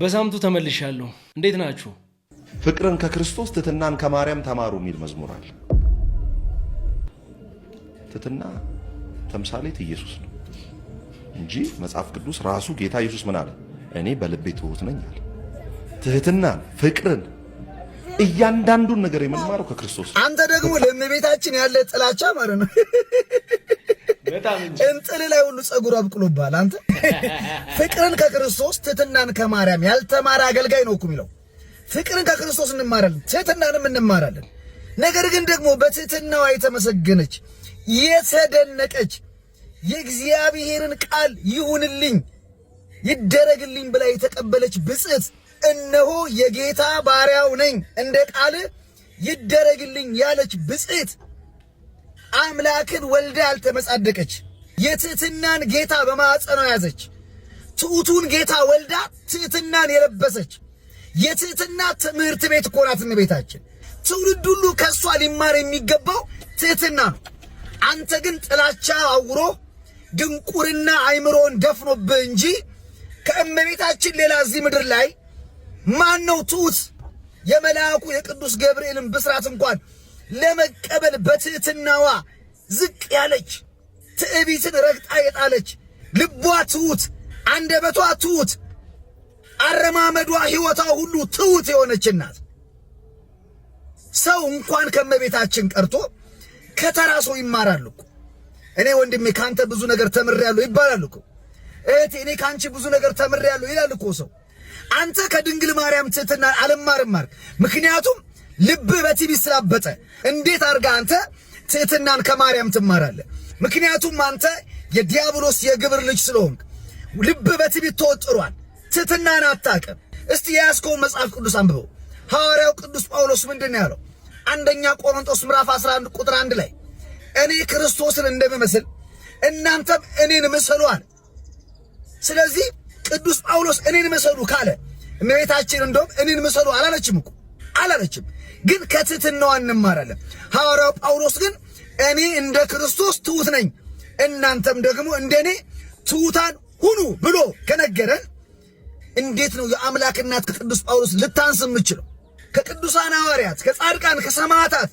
በሳምንቱ ተመልሻለሁ። እንዴት ናችሁ? ፍቅርን ከክርስቶስ ትህትናን ከማርያም ተማሩ የሚል መዝሙር አለ። ትሕትና ተምሳሌት ኢየሱስ ነው እንጂ መጽሐፍ ቅዱስ ራሱ ጌታ ኢየሱስ ምን አለ? እኔ በልቤ ትሁት ነኝ አለ። ትህትናን፣ ፍቅርን እያንዳንዱን ነገር የምንማረው ከክርስቶስ አንተ ደግሞ ለእመቤታችን ያለ ጥላቻ ማለት ነው እንጥል ላይ ሁሉ ጸጉር አብቅሎባል። አንተ። ፍቅርን ከክርስቶስ ትህትናን ከማርያም ያልተማረ አገልጋይ ነው እኮ የሚለው። ፍቅርን ከክርስቶስ እንማራለን፣ ትህትናንም እንማራለን። ነገር ግን ደግሞ በትህትናዋ የተመሰገነች የተደነቀች የእግዚአብሔርን ቃል ይሁንልኝ ይደረግልኝ ብላ የተቀበለች ብጽት እነሆ የጌታ ባሪያው ነኝ እንደ ቃል ይደረግልኝ ያለች ብጽት አምላክን ወልዳ ያልተመጻደቀች የትህትናን ጌታ በማዕፀኗ ያዘች። ትሑቱን ጌታ ወልዳ ትህትናን የለበሰች የትህትና ትምህርት ቤት እኮ ናት እመቤታችን። ትውልድ ሁሉ ከእሷ ሊማር የሚገባው ትህትና ነው። አንተ ግን ጥላቻ አውሮ ድንቁርና አይምሮን ደፍኖብህ እንጂ ከእመቤታችን ሌላ እዚህ ምድር ላይ ማን ነው ትሑት? የመልአኩ የቅዱስ ገብርኤልን ብስራት እንኳን ለመቀበል በትህትናዋ ዝቅ ያለች፣ ትዕቢትን ረግጣ የጣለች፣ ልቧ ትሑት፣ አንደበቷ ትሁት አረማመዷ ሕይወቷ ሁሉ ትሑት የሆነች ናት። ሰው እንኳን ከመቤታችን ቀርቶ ከተራ ሰው ይማራሉ። እኔ ወንድሜ ካንተ ብዙ ነገር ተምሬያለሁ ይባላል እኮ። እህቴ እኔ ካንቺ ብዙ ነገር ተምሬያለሁ ይላል እኮ ሰው። አንተ ከድንግል ማርያም ትህትና አልማርም አልክ። ምክንያቱም ልብህ በቲቪ ስላበጠ እንዴት አድርጋ አንተ ትህትናን ከማርያም ትማራለህ? ምክንያቱም አንተ የዲያብሎስ የግብር ልጅ ስለሆንክ ልብ በቲቪ ተወጥሯል። ትህትናን አታውቅም። እስቲ የያዝከውን መጽሐፍ ቅዱስ አንብበው። ሐዋርያው ቅዱስ ጳውሎስ ምንድን ነው ያለው? አንደኛ ቆሮንጦስ ምዕራፍ 11 ቁጥር 1 ላይ እኔ ክርስቶስን እንደምመስል እናንተም እኔን ምሰሉ አለ። ስለዚህ ቅዱስ ጳውሎስ እኔን ምሰሉ ካለ እመቤታችን እንደውም እኔን ምሰሉ አላለችም እኮ አላለችም። ግን ከትህትናዋ እንማራለን። ሐዋርያው ጳውሎስ ግን እኔ እንደ ክርስቶስ ትሑት ነኝ እናንተም ደግሞ እንደኔ ትሑታን ሁኑ ብሎ ከነገረን እንዴት ነው የአምላክ እናት ከቅዱስ ጳውሎስ ልታንስ የምችለው? ከቅዱሳን ሐዋርያት፣ ከጻድቃን፣ ከሰማዕታት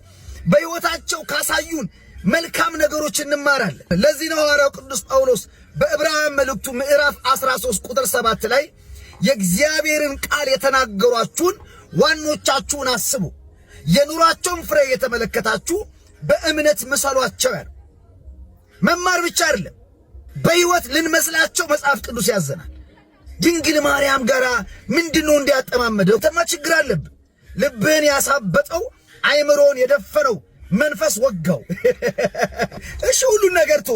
በሕይወታቸው ካሳዩን መልካም ነገሮች እንማራለን። ለዚህ ነው ሐዋርያው ቅዱስ ጳውሎስ በዕብራውያን መልእክቱ ምዕራፍ 13 ቁጥር 7 ላይ የእግዚአብሔርን ቃል የተናገሯችሁን ዋኖቻችሁን አስቡ የኑሯቸውን ፍሬ የተመለከታችሁ በእምነት መሳሏቸው ያለው መማር ብቻ አይደለም፣ በሕይወት ልንመስላቸው መጽሐፍ ቅዱስ ያዘናል። ድንግል ማርያም ጋር ምንድነው እንዲያጠማመደው? ተማ ችግር አለብ ልብህን ያሳበጠው አይምሮን የደፈነው መንፈስ ወጋው። እሺ ሁሉን ነገር ቶ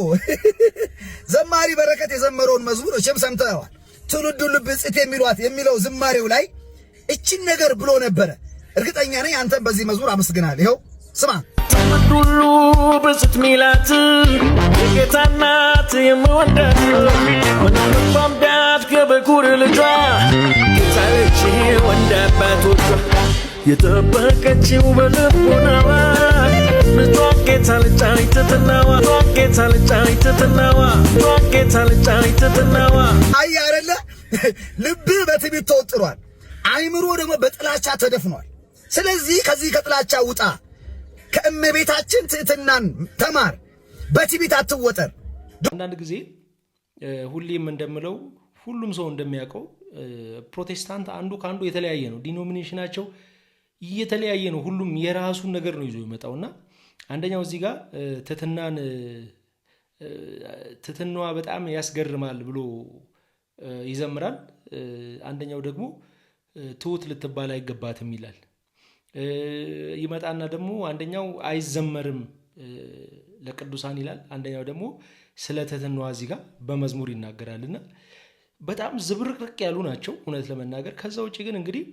ዘማሪ በረከት የዘመረውን መዝሙር እሽም ሰምተዋል። ትውልዱ ልብ ጽት የሚሏት የሚለው ዝማሬው ላይ እችን ነገር ብሎ ነበረ እርግጠኛ ነኝ አንተን በዚህ መዝሙር አመስግናል። ይኸው ስማ ሁሉ ብስት ሚላት የጌታናት እናት የምወዳት ምናልባም ዳት ከበኩር ልጇ ጌታለች ወንድ አባቶቿ የጠበቀችው በልቦናዋ ልጇ አይ አይደለ ልብህ በትዕቢት ተወጥሯል፣ አይምሮ ደግሞ በጥላቻ ተደፍኗል። ስለዚህ ከዚህ ከጥላቻ ውጣ፣ ከእመቤታችን ትሕትናን ተማር፣ በትዕቢት አትወጠር። አንዳንድ ጊዜ ሁሌም እንደምለው ሁሉም ሰው እንደሚያውቀው ፕሮቴስታንት አንዱ ከአንዱ የተለያየ ነው። ዲኖሚኔሽናቸው እየተለያየ ነው። ሁሉም የራሱን ነገር ነው ይዞ ይመጣውና አንደኛው እዚህ ጋር ትሕትናን ትሕትናዋ በጣም ያስገርማል ብሎ ይዘምራል። አንደኛው ደግሞ ትሑት ልትባል አይገባትም ይላል። ይመጣና ደግሞ አንደኛው አይዘመርም ለቅዱሳን ይላል። አንደኛው ደግሞ ስለ ትህትናዋ እዚህ ጋር በመዝሙር ይናገራል በጣም ዝብርቅርቅ ያሉ ናቸው እውነት ለመናገር። ከዛ ውጭ ግን እንግዲህ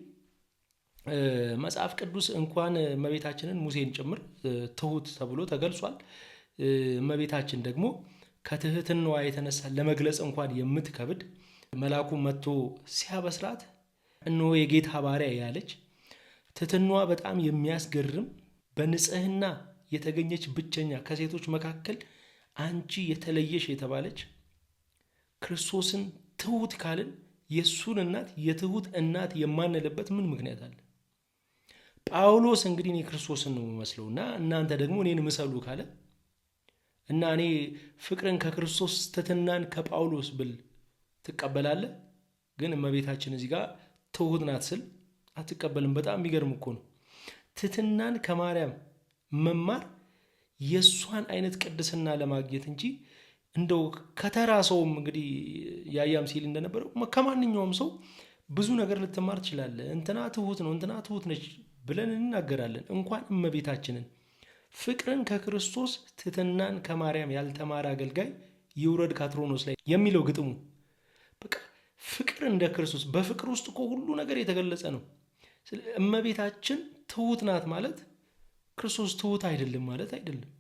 መጽሐፍ ቅዱስ እንኳን እመቤታችንን ሙሴን ጭምር ትሁት ተብሎ ተገልጿል። እመቤታችን ደግሞ ከትህትናዋ የተነሳ ለመግለጽ እንኳን የምትከብድ መልአኩ መጥቶ ሲያበስራት እነሆ የጌታ ባሪያ ያለች ትትኗ በጣም የሚያስገርም በንጽህና የተገኘች ብቸኛ ከሴቶች መካከል አንቺ የተለየሽ የተባለች ክርስቶስን ትሁት ካልን የእሱን እናት የትሁት እናት የማንልበት ምን ምክንያት አለ? ጳውሎስ እንግዲህ እኔ ክርስቶስን ነው የምመስለው እና እናንተ ደግሞ እኔን ምሰሉ ካለ እና እኔ ፍቅርን ከክርስቶስ ትትናን ከጳውሎስ ብል ትቀበላለህ። ግን እመቤታችን እዚህ ጋር ትሁት ናት ስል አትቀበልም። በጣም የሚገርም እኮ ነው። ትትናን ከማርያም መማር የእሷን አይነት ቅድስና ለማግኘት እንጂ እንደው ከተራ ሰውም እንግዲህ ያያም ሲል እንደነበረው ከማንኛውም ሰው ብዙ ነገር ልትማር ትችላለህ። እንትና ትሁት ነው እንትና ትሁት ነች ብለን እንናገራለን። እንኳን እመቤታችንን ፍቅርን ከክርስቶስ ትትናን ከማርያም ያልተማረ አገልጋይ ይውረድ ካትሮኖስ ላይ የሚለው ግጥሙ በቃ ፍቅር እንደ ክርስቶስ በፍቅር ውስጥ እኮ ሁሉ ነገር የተገለጸ ነው። እመቤታችን ትሁት ናት ማለት ክርስቶስ ትሁት አይደለም ማለት አይደለም።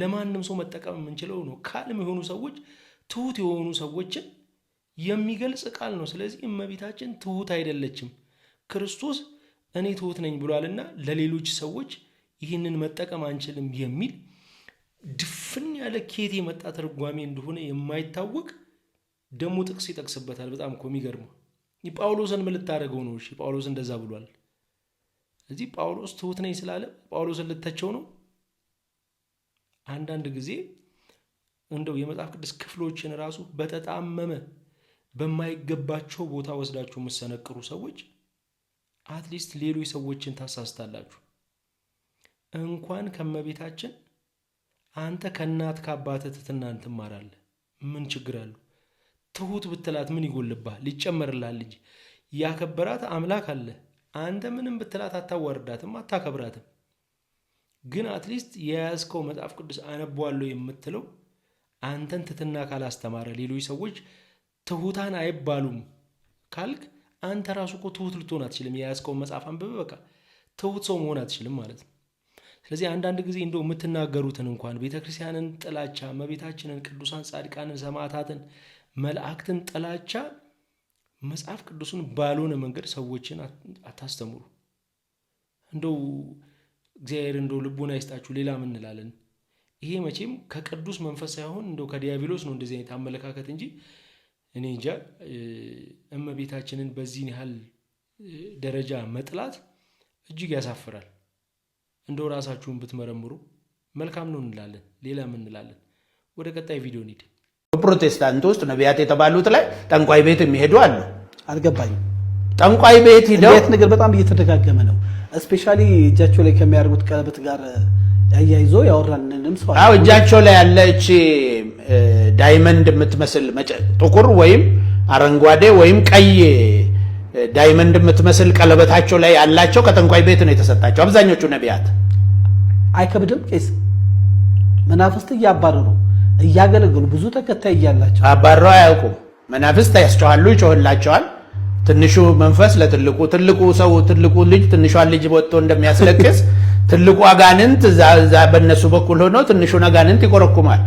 ለማንም ሰው መጠቀም የምንችለው ነው። ካልም የሆኑ ሰዎች ትሁት የሆኑ ሰዎችን የሚገልጽ ቃል ነው። ስለዚህ እመቤታችን ትሁት አይደለችም። ክርስቶስ እኔ ትሁት ነኝ ብሏልና ለሌሎች ሰዎች ይህንን መጠቀም አንችልም የሚል ድፍን ያለ ኬት የመጣ ተርጓሜ እንደሆነ የማይታወቅ ደግሞ ጥቅስ ይጠቅስበታል። በጣም እኮ የሚገርመው ጳውሎስን ምን ልታደርገው ነው? እሺ ጳውሎስ እንደዛ ብሏል። እዚህ ጳውሎስ ትሁት ነኝ ስላለ ጳውሎስን ልተቸው ነው? አንዳንድ ጊዜ እንደው የመጽሐፍ ቅዱስ ክፍሎችን ራሱ በተጣመመ በማይገባቸው ቦታ ወስዳችሁ የምሰነቅሩ ሰዎች አትሊስት ሌሎች ሰዎችን ታሳስታላችሁ። እንኳን ከመቤታችን አንተ ከእናት ከአባትህ ትትናን ትማራለህ። ምን ችግር አለው? ትሁት ብትላት ምን ይጎልብሃል? ሊጨመርልሃል። ልጅ ያከበራት አምላክ አለ። አንተ ምንም ብትላት አታዋርዳትም፣ አታከብራትም። ግን አትሊስት የያዝከው መጽሐፍ ቅዱስ አነቧለሁ የምትለው አንተን ትትና ካላስተማረ ሌሎች ሰዎች ትሁታን አይባሉም ካልክ አንተ ራሱ እኮ ትሁት ልትሆን አትችልም። የያዝከውን መጽሐፍ አንብበ በቃ ትሁት ሰው መሆን አትችልም ማለት ነው። ስለዚህ አንዳንድ ጊዜ እንደው የምትናገሩትን እንኳን ቤተክርስቲያንን ጥላቻ፣ እመቤታችንን፣ ቅዱሳን፣ ጻድቃንን፣ ሰማዕታትን መላእክትን ጥላቻ መጽሐፍ ቅዱስን ባልሆነ መንገድ ሰዎችን አታስተምሩ። እንደው እግዚአብሔር እንደው ልቦና አይስጣችሁ። ሌላ ምን እንላለን? ይሄ መቼም ከቅዱስ መንፈስ ሳይሆን እንደው ከዲያብሎስ ነው እንደዚህ አይነት አመለካከት እንጂ እኔ እንጃ። እመቤታችንን በዚህን ያህል ደረጃ መጥላት እጅግ ያሳፍራል። እንደው ራሳችሁን ብትመረምሩ መልካም ነው እንላለን። ሌላ ምን እንላለን? ወደ ቀጣይ ቪዲዮ እንሂድ። ፕሮቴስታንት ውስጥ ነቢያት የተባሉት ላይ ጠንቋይ ቤት የሚሄዱ አሉ። አልገባኝም። ጠንቋይ ቤት ሂደው ነገር በጣም እየተደጋገመ ነው። እስፔሻሊ እጃቸው ላይ ከሚያደርጉት ቀለበት ጋር ያያይዞ ያወራንንም ሰው አዎ፣ እጃቸው ላይ ያለች ዳይመንድ የምትመስል ጥቁር ወይም አረንጓዴ ወይም ቀይ ዳይመንድ የምትመስል ቀለበታቸው ላይ ያላቸው ከጠንቋይ ቤት ነው የተሰጣቸው አብዛኞቹ ነቢያት። አይከብድም ቄስ መናፍስት እያባረሩ እያገለገሉ ብዙ ተከታይ እያላቸው አባረው አያውቁም። መናፍስት ያስጮኋሉ፣ ይጮህላቸዋል። ትንሹ መንፈስ ለትልቁ ትልቁ ሰው ትልቁ ልጅ ትንሿን ልጅ ወጥቶ እንደሚያስለቅስ ትልቁ አጋንንት በእነሱ በኩል ሆኖ ትንሹን አጋንንት ይቆረኩማል፣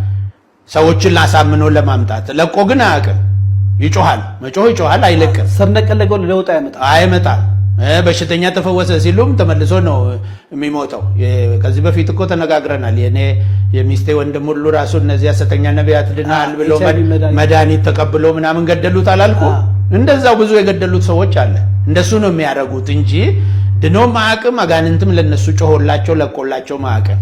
ሰዎችን ላሳምኖ ለማምጣት ለቆ ግን አያውቅም። ይጮሃል፣ መጮህ ይጮሃል፣ አይለቅም። ስር ነቀል ለውጥ አይመጣም፣ አይመጣም። በሽተኛ ተፈወሰ ሲሉም ተመልሶ ነው የሚሞተው። ከዚህ በፊት እኮ ተነጋግረናል። የኔ የሚስቴ ወንድም ሁሉ ራሱ እነዚህ ሐሰተኛ ነቢያት ድናል ብሎ መድኃኒት ተቀብሎ ምናምን ገደሉት አላልኩ? እንደዛው ብዙ የገደሉት ሰዎች አለ። እንደሱ ነው የሚያደርጉት እንጂ ድኖ ማዕቅም አጋንንትም ለነሱ ጮሆላቸው ለቆላቸው ማዕቅም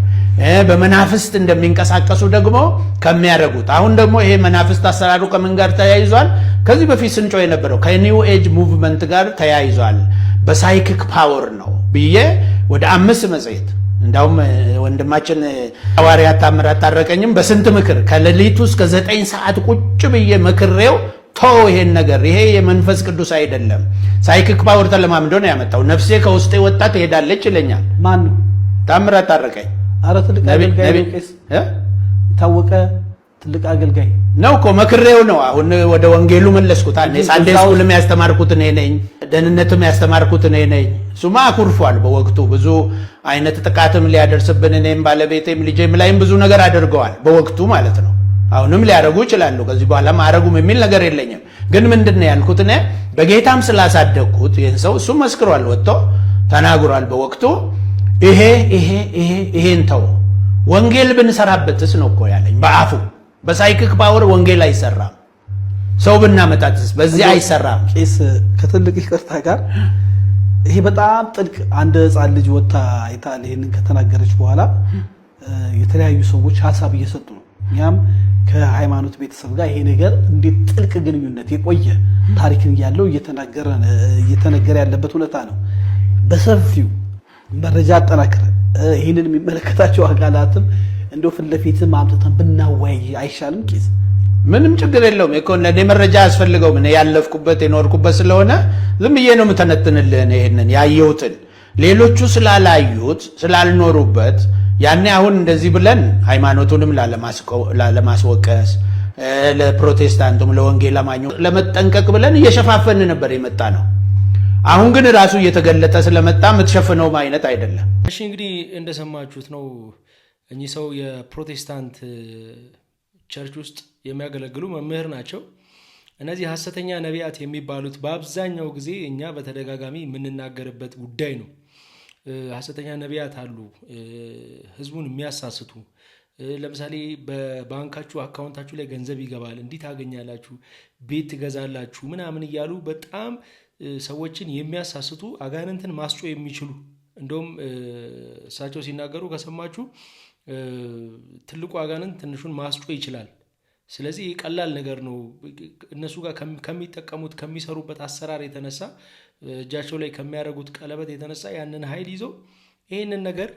በመናፍስት እንደሚንቀሳቀሱ ደግሞ ከሚያደርጉት አሁን ደግሞ ይሄ መናፍስት አሰራሩ ከምን ጋር ተያይዟል? ከዚህ በፊት ስንጮ የነበረው ከኒው ኤጅ ሙቭመንት ጋር ተያይዟል። በሳይክክ ፓወር ነው ብዬ ወደ አምስት መጽሔት እንዳውም ወንድማችን ሐዋርያ ታምር አታረቀኝም በስንት ምክር ከሌሊቱ እስከ ዘጠኝ ሰዓት ቁጭ ብዬ ምክሬው ቶ ይሄን ነገር ይሄ የመንፈስ ቅዱስ አይደለም፣ ሳይክክ ፓወር ተለማምዶ ነው ያመጣው። ነፍሴ ከውስጤ ወጣ ትሄዳለች ይለኛል። ማን ነው? ታምር አታረቀኝ። አረ ትልቅ አገልጋይ ታወቀ፣ ትልቅ አገልጋይ ነው እኮ መክሬው ነው። አሁን ወደ ወንጌሉ መለስኩት። አንዴ ሳንዴ ስኩልም ያስተማርኩት እኔ ነኝ፣ ደህንነትም ያስተማርኩት እኔ ነኝ። እሱማ አኩርፏል በወቅቱ ብዙ አይነት ጥቃትም ሊያደርስብን እኔም ባለቤቴም ልጄም ላይም ብዙ ነገር አድርገዋል በወቅቱ ማለት ነው። አሁንም ሊያደረጉ ይችላሉ። ከዚህ በኋላ ማረጉም የሚል ነገር የለኝም። ግን ምንድን ነው ያልኩት እኔ በጌታም ስላሳደግኩት ይህን ሰው እሱም መስክሯል፣ ወጥቶ ተናግሯል በወቅቱ ይሄ ይሄ ይሄ ይሄን ተው ወንጌል ብንሰራበትስ ነው እኮ ያለኝ በአፉ በሳይክክ ፓወር ወንጌል አይሰራም። ሰው ብናመጣትስ በዚህ አይሰራም። ቄስ ከትልቅ ይቅርታ ጋር ይሄ በጣም ጥልቅ አንድ ህፃን ልጅ ወታ ይታል ይህንን ከተናገረች በኋላ የተለያዩ ሰዎች ሀሳብ እየሰጡ ነው። እኛም ከሃይማኖት ቤተሰብ ጋር ይሄ ነገር እንዴት ጥልቅ ግንኙነት የቆየ ታሪክን ያለው እየተነገረ ያለበት ሁኔታ ነው። በሰፊው መረጃ አጠናክረ ይህንን የሚመለከታቸው አካላትም እንደው ፊት ለፊትም አምጥተን ብናወያይ አይሻልም? ኬዝ ምንም ችግር የለውም እኮ ለእኔ መረጃ አያስፈልገውም። እኔ ያለፍኩበት የኖርኩበት ስለሆነ ዝም ብዬ ነው የምተነትንልህን ይሄንን ያየሁትን ሌሎቹ ስላላዩት ስላልኖሩበት ያኔ አሁን እንደዚህ ብለን ሃይማኖቱንም ላለማስወቀስ ለፕሮቴስታንቱም ለወንጌል አማኙ ለመጠንቀቅ ብለን እየሸፋፈን ነበር የመጣ ነው። አሁን ግን ራሱ እየተገለጠ ስለመጣ የምትሸፍነውም አይነት አይደለም። እሺ እንግዲህ እንደሰማችሁት ነው። እኚህ ሰው የፕሮቴስታንት ቸርች ውስጥ የሚያገለግሉ መምህር ናቸው። እነዚህ ሐሰተኛ ነቢያት የሚባሉት በአብዛኛው ጊዜ እኛ በተደጋጋሚ የምንናገርበት ጉዳይ ነው። ሐሰተኛ ነቢያት አሉ፣ ህዝቡን የሚያሳስቱ ለምሳሌ በባንካችሁ አካውንታችሁ ላይ ገንዘብ ይገባል፣ እንዲህ ታገኛላችሁ፣ ቤት ትገዛላችሁ ምናምን እያሉ በጣም ሰዎችን የሚያሳስቱ አጋንንትን ማስጮ የሚችሉ እንደውም እሳቸው ሲናገሩ ከሰማችሁ ትልቁ አጋንንት ትንሹን ማስጮ ይችላል። ስለዚህ ይህ ቀላል ነገር ነው። እነሱ ጋር ከሚጠቀሙት ከሚሰሩበት አሰራር የተነሳ እጃቸው ላይ ከሚያደርጉት ቀለበት የተነሳ ያንን ኃይል ይዘው ይህንን ነገር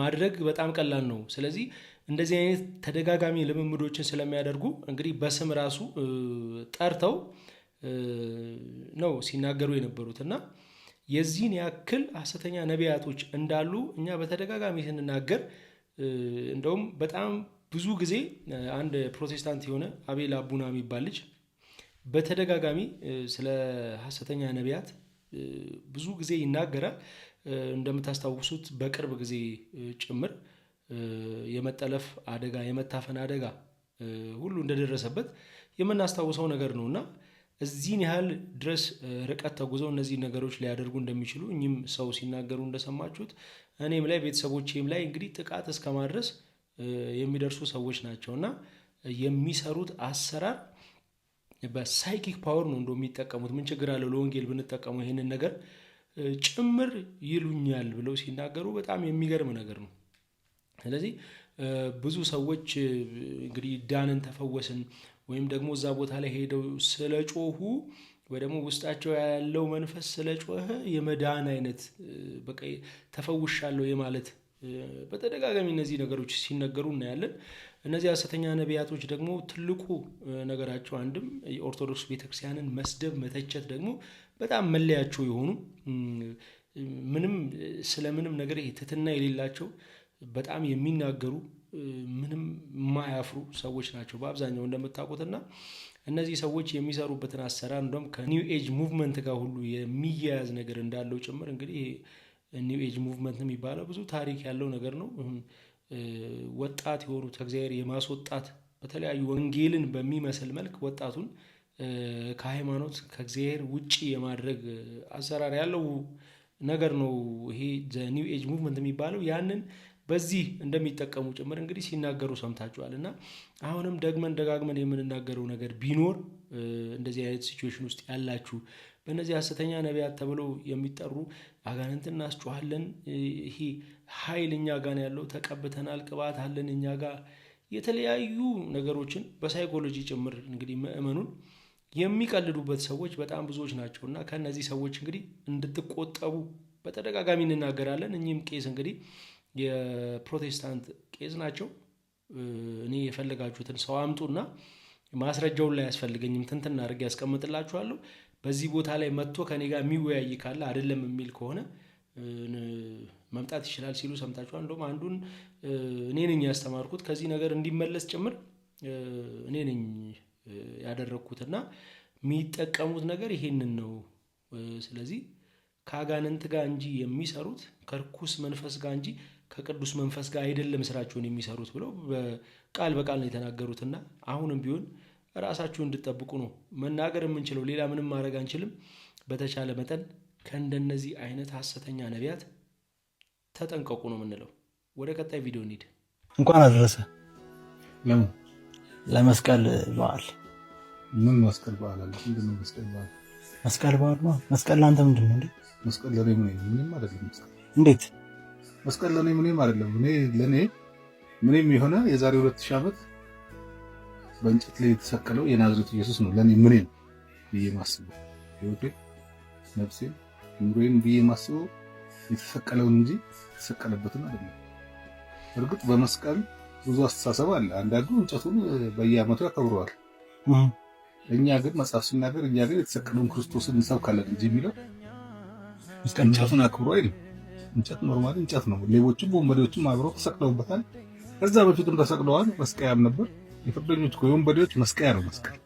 ማድረግ በጣም ቀላል ነው። ስለዚህ እንደዚህ አይነት ተደጋጋሚ ልምምዶችን ስለሚያደርጉ እንግዲህ በስም ራሱ ጠርተው ነው ሲናገሩ የነበሩት እና የዚህን ያክል ሐሰተኛ ነቢያቶች እንዳሉ እኛ በተደጋጋሚ ስንናገር እንደውም በጣም ብዙ ጊዜ አንድ ፕሮቴስታንት የሆነ አቤል አቡና የሚባል ልጅ በተደጋጋሚ ስለ ሐሰተኛ ነቢያት ብዙ ጊዜ ይናገራል። እንደምታስታውሱት በቅርብ ጊዜ ጭምር የመጠለፍ አደጋ፣ የመታፈን አደጋ ሁሉ እንደደረሰበት የምናስታውሰው ነገር ነው እና እዚህን ያህል ድረስ ርቀት ተጉዘው እነዚህ ነገሮች ሊያደርጉ እንደሚችሉ እኚህም ሰው ሲናገሩ እንደሰማችሁት እኔም ላይ ቤተሰቦቼም ላይ እንግዲህ ጥቃት እስከ ማድረስ የሚደርሱ ሰዎች ናቸው እና የሚሰሩት አሰራር በሳይኪክ ፓወር ነው እንደ የሚጠቀሙት ምን ችግር አለው ለወንጌል ብንጠቀሙ ይህንን ነገር ጭምር ይሉኛል ብለው ሲናገሩ በጣም የሚገርም ነገር ነው። ስለዚህ ብዙ ሰዎች እንግዲህ ዳንን፣ ተፈወስን ወይም ደግሞ እዛ ቦታ ላይ ሄደው ስለጮሁ ወይ ደግሞ ውስጣቸው ያለው መንፈስ ስለጮኸ የመዳን አይነት በቃ ተፈውሻለሁ የማለት በተደጋጋሚ እነዚህ ነገሮች ሲነገሩ እናያለን። እነዚህ ሐሰተኛ ነቢያቶች ደግሞ ትልቁ ነገራቸው አንድም የኦርቶዶክስ ቤተክርስቲያንን መስደብ፣ መተቸት ደግሞ በጣም መለያቸው የሆኑ ምንም ስለምንም ነገር ትህትና የሌላቸው በጣም የሚናገሩ ምንም የማያፍሩ ሰዎች ናቸው በአብዛኛው እንደምታውቁትና እነዚህ ሰዎች የሚሰሩበትን አሰራር እንደም ከኒው ኤጅ ሙቭመንት ጋር ሁሉ የሚያያዝ ነገር እንዳለው ጭምር እንግዲህ ኒው ኤጅ ሙቭመንት የሚባለው ብዙ ታሪክ ያለው ነገር ነው። ወጣት የሆኑ ከእግዚአብሔር የማስወጣት በተለያዩ ወንጌልን በሚመስል መልክ ወጣቱን ከሃይማኖት ከእግዚአብሔር ውጭ የማድረግ አሰራር ያለው ነገር ነው። ይሄ ኒው ኤጅ ሙቭመንት የሚባለው ያንን በዚህ እንደሚጠቀሙ ጭምር እንግዲህ ሲናገሩ ሰምታችኋል። እና አሁንም ደግመን ደጋግመን የምንናገረው ነገር ቢኖር እንደዚህ አይነት ሲቹዌሽን ውስጥ ያላችሁ በእነዚህ ሐሰተኛ ነቢያት ተብለው የሚጠሩ አጋንንት እናስጮኋለን፣ ይሄ ኃይል እኛ ጋን ያለው፣ ተቀብተናል፣ ቅባት አለን እኛ ጋ የተለያዩ ነገሮችን በሳይኮሎጂ ጭምር እንግዲህ ምእመኑን የሚቀልዱበት ሰዎች በጣም ብዙዎች ናቸው እና ከእነዚህ ሰዎች እንግዲህ እንድትቆጠቡ በተደጋጋሚ እንናገራለን። እኚህም ቄስ እንግዲህ የፕሮቴስታንት ቄስ ናቸው። እኔ የፈለጋችሁትን ሰው አምጡና ማስረጃውን ላይ ያስፈልገኝም ትንትና አድርግ ያስቀምጥላችኋለሁ። በዚህ ቦታ ላይ መጥቶ ከኔ ጋር የሚወያይ ካለ አይደለም የሚል ከሆነ መምጣት ይችላል ሲሉ ሰምታችኋል። እንደም አንዱን እኔ ነኝ ያስተማርኩት ከዚህ ነገር እንዲመለስ ጭምር እኔ ነኝ ያደረግኩትና የሚጠቀሙት ነገር ይሄንን ነው። ስለዚህ ከአጋንንት ጋር እንጂ የሚሰሩት ከርኩስ መንፈስ ጋር እንጂ ከቅዱስ መንፈስ ጋር አይደለም ስራችሁን የሚሰሩት ብለው ቃል በቃል ነው የተናገሩትና አሁንም ቢሆን ራሳችሁ እንድጠብቁ ነው መናገር የምንችለው። ሌላ ምንም ማድረግ አንችልም። በተቻለ መጠን ከእንደነዚህ አይነት ሐሰተኛ ነቢያት ተጠንቀቁ ነው የምንለው። ወደ ቀጣይ ቪዲዮ እንሂድ። እንኳን አደረሰ ለመስቀል በዓል ምን መስቀል በዓል አለ? ምንድን ነው መስቀል በዓል? መስቀል በዓል መስቀል ለአንተ ምንድን ነው? መስቀል ለእኔ ምንም አይደለም። እንዴት መስቀል ለእኔ ምንም አይደለም። እኔ ለእኔ ምንም የሆነ የዛሬ ሁለት ሺህ ዓመት በእንጨት ላይ የተሰቀለው የናዝሬቱ ኢየሱስ ነው ለእኔ ምንም ብዬ ማስበው ህይወቴ፣ ነፍሴ፣ ኑሮዬን ብዬ ማስበው የተሰቀለውን እንጂ የተሰቀለበትን አይደለም። እርግጥ በመስቀል ብዙ አስተሳሰብ አለ። አንዳንዱ እንጨቱን በየዓመቱ ያከብረዋል። እኛ ግን መጽሐፍ ሲናገር እኛ ግን የተሰቀለውን ክርስቶስን እንሰብካለን እንጂ የሚለው እንጨቱን አክብሮ አይልም። እንጨት ኖርማል እንጨት ነው። ሌቦችም ወንበዴዎችም አብረው ተሰቅለውበታል። ከዛ በፊትም ተሰቅለዋል። መስቀያም ነበር። የፍርደኞች የወንበዴዎች መስቀያ ነው መስቀል።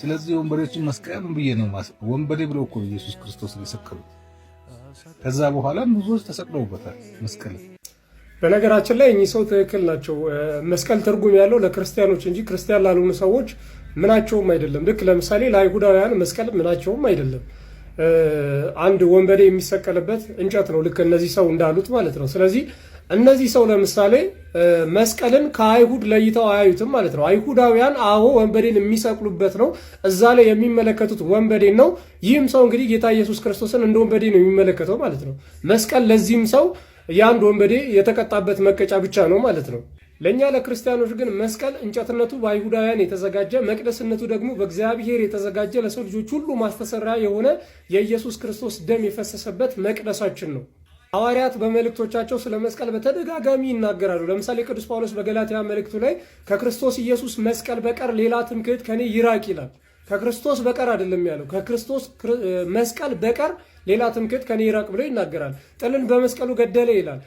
ስለዚህ የወንበዴዎችን መስቀያ ነው ብዬ ነው ወንበዴ ብለው እኮ ኢየሱስ ክርስቶስ የሰቀሉት። ከዛ በኋላ ብዙዎች ተሰቅለውበታል መስቀል በነገራችን ላይ እኚህ ሰው ትክክል ናቸው። መስቀል ትርጉም ያለው ለክርስቲያኖች እንጂ ክርስቲያን ላልሆኑ ሰዎች ምናቸውም አይደለም። ልክ ለምሳሌ ለአይሁዳውያን መስቀል ምናቸውም አይደለም። አንድ ወንበዴ የሚሰቀልበት እንጨት ነው። ልክ እነዚህ ሰው እንዳሉት ማለት ነው። ስለዚህ እነዚህ ሰው ለምሳሌ መስቀልን ከአይሁድ ለይተው አያዩትም ማለት ነው። አይሁዳውያን አዎ ወንበዴን የሚሰቅሉበት ነው። እዛ ላይ የሚመለከቱት ወንበዴን ነው። ይህም ሰው እንግዲህ ጌታ ኢየሱስ ክርስቶስን እንደ ወንበዴ ነው የሚመለከተው ማለት ነው። መስቀል ለዚህም ሰው የአንድ ወንበዴ የተቀጣበት መቀጫ ብቻ ነው ማለት ነው። ለእኛ ለክርስቲያኖች ግን መስቀል እንጨትነቱ በአይሁዳውያን የተዘጋጀ መቅደስነቱ ደግሞ በእግዚአብሔር የተዘጋጀ ለሰው ልጆች ሁሉ ማስተሰሪያ የሆነ የኢየሱስ ክርስቶስ ደም የፈሰሰበት መቅደሳችን ነው። ሐዋርያት በመልእክቶቻቸው ስለ መስቀል በተደጋጋሚ ይናገራሉ። ለምሳሌ ቅዱስ ጳውሎስ በገላትያ መልእክቱ ላይ ከክርስቶስ ኢየሱስ መስቀል በቀር ሌላ ትምክህት ከኔ ይራቅ ይላል። ከክርስቶስ በቀር አይደለም ያለው። ከክርስቶስ መስቀል በቀር ሌላ ትምክህት ከኔ ይራቅ ብሎ ይናገራል። ጥልን በመስቀሉ ገደለ ይላል።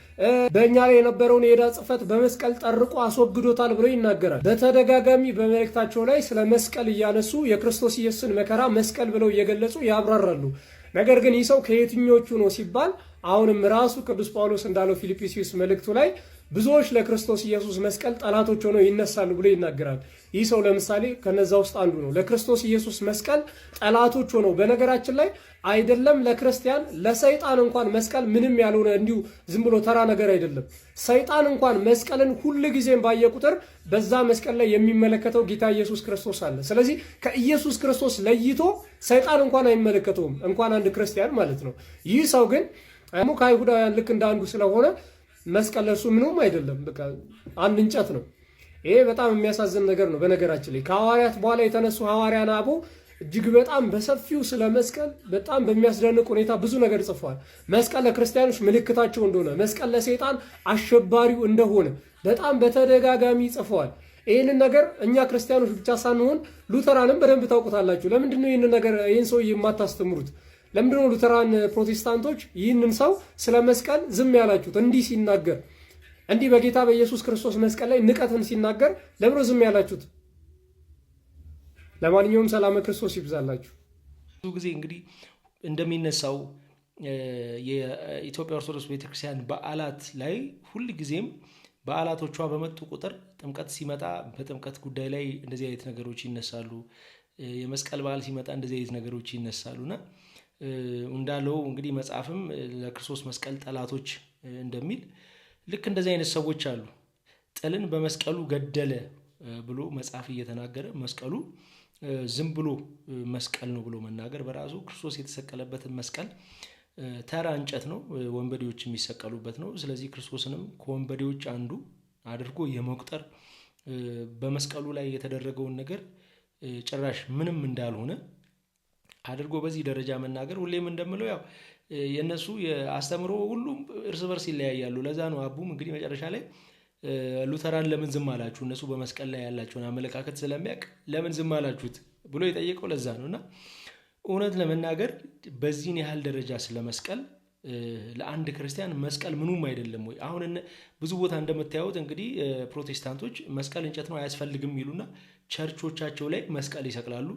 በእኛ ላይ የነበረውን የዕዳ ጽፈት በመስቀል ጠርቆ አስወግዶታል ብሎ ይናገራል። በተደጋጋሚ በመልእክታቸው ላይ ስለ መስቀል እያነሱ የክርስቶስ ኢየሱስን መከራ መስቀል ብለው እየገለጹ ያብራራሉ። ነገር ግን ይህ ሰው ከየትኞቹ ነው ሲባል አሁንም ራሱ ቅዱስ ጳውሎስ እንዳለው ፊልጵስዩስ መልእክቱ ላይ ብዙዎች ለክርስቶስ ኢየሱስ መስቀል ጠላቶች ሆነው ይነሳሉ ብሎ ይናገራል። ይህ ሰው ለምሳሌ ከነዛ ውስጥ አንዱ ነው። ለክርስቶስ ኢየሱስ መስቀል ጠላቶች ሆነው በነገራችን ላይ አይደለም ለክርስቲያን ለሰይጣን እንኳን መስቀል ምንም ያልሆነ እንዲሁ ዝም ብሎ ተራ ነገር አይደለም። ሰይጣን እንኳን መስቀልን ሁል ጊዜም ባየ ቁጥር በዛ መስቀል ላይ የሚመለከተው ጌታ ኢየሱስ ክርስቶስ አለ። ስለዚህ ከኢየሱስ ክርስቶስ ለይቶ ሰይጣን እንኳን አይመለከተውም፣ እንኳን አንድ ክርስቲያን ማለት ነው። ይህ ሰው ግን ከአይሁዳውያን ልክ እንደ አንዱ ስለሆነ መስቀል ለእርሱ ምንም አይደለም፣ በቃ አንድ እንጨት ነው። ይሄ በጣም የሚያሳዝን ነገር ነው። በነገራችን ላይ ከሐዋርያት በኋላ የተነሱ ሐዋርያን አቦ እጅግ በጣም በሰፊው ስለ መስቀል በጣም በሚያስደንቅ ሁኔታ ብዙ ነገር ጽፏል። መስቀል ለክርስቲያኖች ምልክታቸው እንደሆነ፣ መስቀል ለሰይጣን አሸባሪው እንደሆነ በጣም በተደጋጋሚ ጽፈዋል። ይህንን ነገር እኛ ክርስቲያኖች ብቻ ሳንሆን ሉተራንም በደንብ ታውቁታላችሁ። ለምንድን ነው ነገር ይህን ሰው የማታስተምሩት? ለምንድነው ሉተራን ፕሮቴስታንቶች ይህንን ሰው ስለ መስቀል ዝም ያላችሁት? እንዲህ ሲናገር እንዲህ በጌታ በኢየሱስ ክርስቶስ መስቀል ላይ ንቀትን ሲናገር ለምሮ ዝም ያላችሁት? ለማንኛውም ሰላመ ክርስቶስ ይብዛላችሁ። ብዙ ጊዜ እንግዲህ እንደሚነሳው የኢትዮጵያ ኦርቶዶክስ ቤተክርስቲያን በዓላት ላይ ሁል ጊዜም በዓላቶቿ በመጡ ቁጥር ጥምቀት ሲመጣ በጥምቀት ጉዳይ ላይ እንደዚህ አይነት ነገሮች ይነሳሉ። የመስቀል በዓል ሲመጣ እንደዚህ አይነት ነገሮች ይነሳሉና እንዳለው እንግዲህ መጽሐፍም ለክርስቶስ መስቀል ጠላቶች እንደሚል ልክ እንደዚህ አይነት ሰዎች አሉ። ጥልን በመስቀሉ ገደለ ብሎ መጽሐፍ እየተናገረ መስቀሉ ዝም ብሎ መስቀል ነው ብሎ መናገር በራሱ ክርስቶስ የተሰቀለበትን መስቀል ተራ እንጨት ነው፣ ወንበዴዎች የሚሰቀሉበት ነው። ስለዚህ ክርስቶስንም ከወንበዴዎች አንዱ አድርጎ የመቁጠር በመስቀሉ ላይ የተደረገውን ነገር ጭራሽ ምንም እንዳልሆነ አድርጎ በዚህ ደረጃ መናገር ሁሌም እንደምለው ያው የእነሱ የአስተምሮ ሁሉም እርስ በርስ ይለያያሉ። ለዛ ነው አቡም እንግዲህ መጨረሻ ላይ ሉተራን ለምን ዝም አላችሁ እነሱ በመስቀል ላይ ያላቸውን አመለካከት ስለሚያውቅ ለምን ዝም አላችሁት ብሎ የጠየቀው ለዛ ነው። እና እውነት ለመናገር በዚህን ያህል ደረጃ ስለ መስቀል ለአንድ ክርስቲያን መስቀል ምኑም አይደለም ወይ? አሁን ብዙ ቦታ እንደምታዩት እንግዲህ ፕሮቴስታንቶች መስቀል እንጨት ነው አያስፈልግም ይሉና ቸርቾቻቸው ላይ መስቀል ይሰቅላሉ።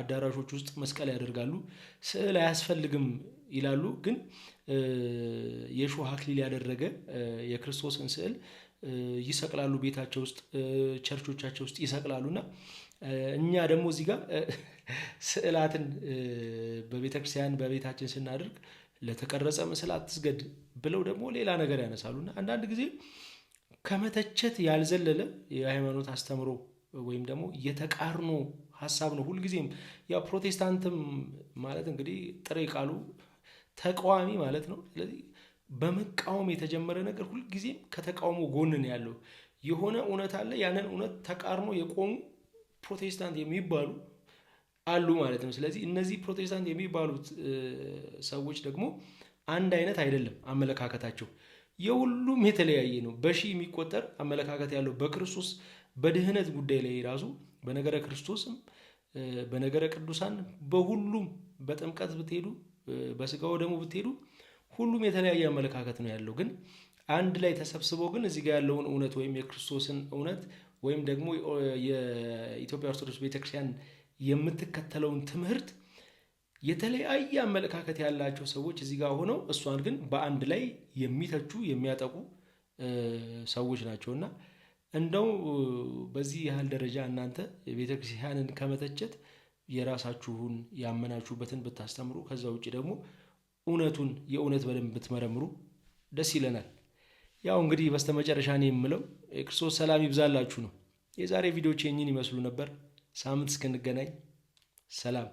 አዳራሾች ውስጥ መስቀል ያደርጋሉ። ስዕል አያስፈልግም ይላሉ። ግን የእሾህ አክሊል ያደረገ የክርስቶስን ስዕል ይሰቅላሉ፣ ቤታቸው ውስጥ፣ ቸርቾቻቸው ውስጥ ይሰቅላሉ። እና እኛ ደግሞ እዚህ ጋር ስዕላትን በቤተክርስቲያን በቤታችን ስናደርግ ለተቀረጸ ምስል አትስገድ ብለው ደግሞ ሌላ ነገር ያነሳሉ። እና አንዳንድ ጊዜ ከመተቸት ያልዘለለ የሃይማኖት አስተምሮ ወይም ደግሞ የተቃርኖ ሀሳብ ነው። ሁልጊዜም ያው ፕሮቴስታንትም ማለት እንግዲህ ጥሬ ቃሉ ተቃዋሚ ማለት ነው። ስለዚህ በመቃወም የተጀመረ ነገር ሁልጊዜም ከተቃውሞ ጎን ነው ያለው። የሆነ እውነት አለ። ያንን እውነት ተቃርኖ የቆሙ ፕሮቴስታንት የሚባሉ አሉ ማለት ነው። ስለዚህ እነዚህ ፕሮቴስታንት የሚባሉት ሰዎች ደግሞ አንድ አይነት አይደለም አመለካከታቸው። የሁሉም የተለያየ ነው። በሺ የሚቆጠር አመለካከት ያለው በክርስቶስ በድህነት ጉዳይ ላይ ራሱ በነገረ ክርስቶስም በነገረ ቅዱሳን በሁሉም በጥምቀት ብትሄዱ በስጋው ደግሞ ብትሄዱ ሁሉም የተለያየ አመለካከት ነው ያለው። ግን አንድ ላይ ተሰብስበው ግን እዚህ ጋር ያለውን እውነት ወይም የክርስቶስን እውነት ወይም ደግሞ የኢትዮጵያ ኦርቶዶክስ ቤተክርስቲያን የምትከተለውን ትምህርት የተለያየ አመለካከት ያላቸው ሰዎች እዚህ ጋር ሆነው እሷን ግን በአንድ ላይ የሚተቹ የሚያጠቁ ሰዎች ናቸውና እንደው በዚህ ያህል ደረጃ እናንተ ቤተክርስቲያንን ከመተቸት የራሳችሁን ያመናችሁበትን ብታስተምሩ፣ ከዛ ውጭ ደግሞ እውነቱን የእውነት በደንብ ብትመረምሩ ደስ ይለናል። ያው እንግዲህ በስተመጨረሻ እኔ የምለው የክርስቶስ ሰላም ይብዛላችሁ ነው። የዛሬ ቪዲዮዎች ይህንን ይመስሉ ነበር። ሳምንት እስክንገናኝ ሰላም